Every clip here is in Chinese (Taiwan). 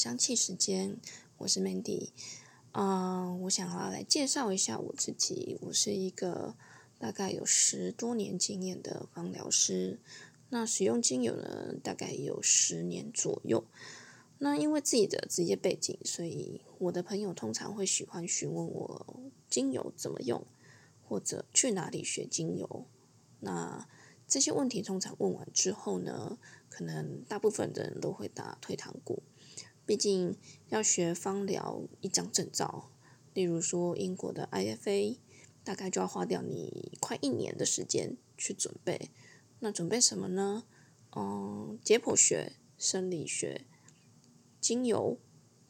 香憩時間，我是 Mandy。啊、呃，我想要來介紹一下我自己。我是一個大概有十多年經驗的芳療師。那使用精油呢，大概有十年左右。那因為自己的職業背景，所以我的朋友通常會喜歡詢問我精油怎麼用，或者去哪裡學精油。那這些問題通常問完之後呢，可能大部分人都會打退堂鼓。畢竟要學芳療一張證照，例如說英國的 IFA，大概就要花掉你快一年的時間去準備。那準備什麼呢？嗯，解剖學、生理學、精油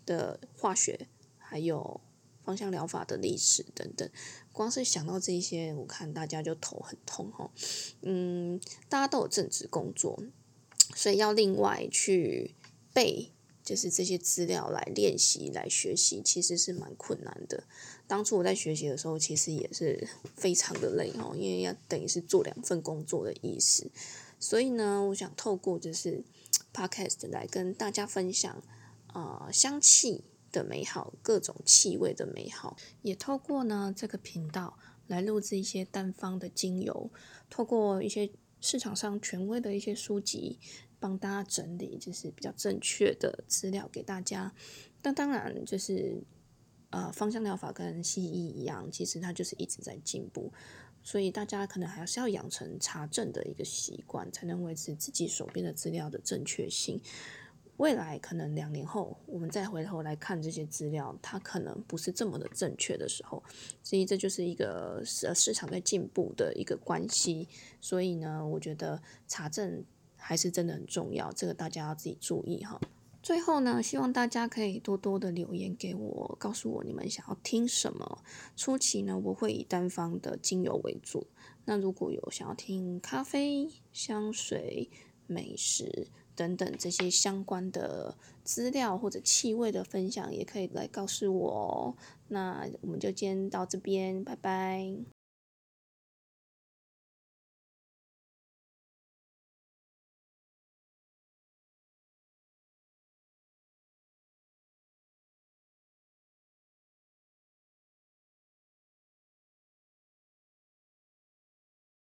的化學，還有芳香療法的歷史等等。光是想到這些，我看大家就頭很痛哈、哦。嗯，大家都有正職工作，所以要另外去背。就是這些資料來練習、來學習，其實是蠻困難的。當初我在學習的時候，其實也是非常的累哦，因為要等於是做兩份工作的意思。所以呢，我想透過就是 podcast 來跟大家分享啊、呃、香氣的美好，各種氣味的美好，也透過呢這個頻道來錄制一些單方的精油，透過一些市場上權威的一些書籍。幫大家整理，就是比較正確的資料給大家。但當然，就是呃，芳香療法跟西醫一樣，其實它就是一直在進步。所以大家可能還是要養成查證的一個習慣，才能維持自己手邊的資料的正確性。未來可能兩年後，我們再回頭來看這些資料，它可能不是這麼的正確的時候。所以這就是一個市市場在進步的一個關係。所以呢，我覺得查證。還是真的很重要，這個大家要自己注意哈。最後呢，希望大家可以多多的留言給我，告訴我你們想要聽什麼。初期呢，我會以單方的精油為主。那如果有想要聽咖啡、香水、美食等等這些相關的資料或者氣味的分享，也可以來告訴我哦。那我們就今天到這邊，拜拜。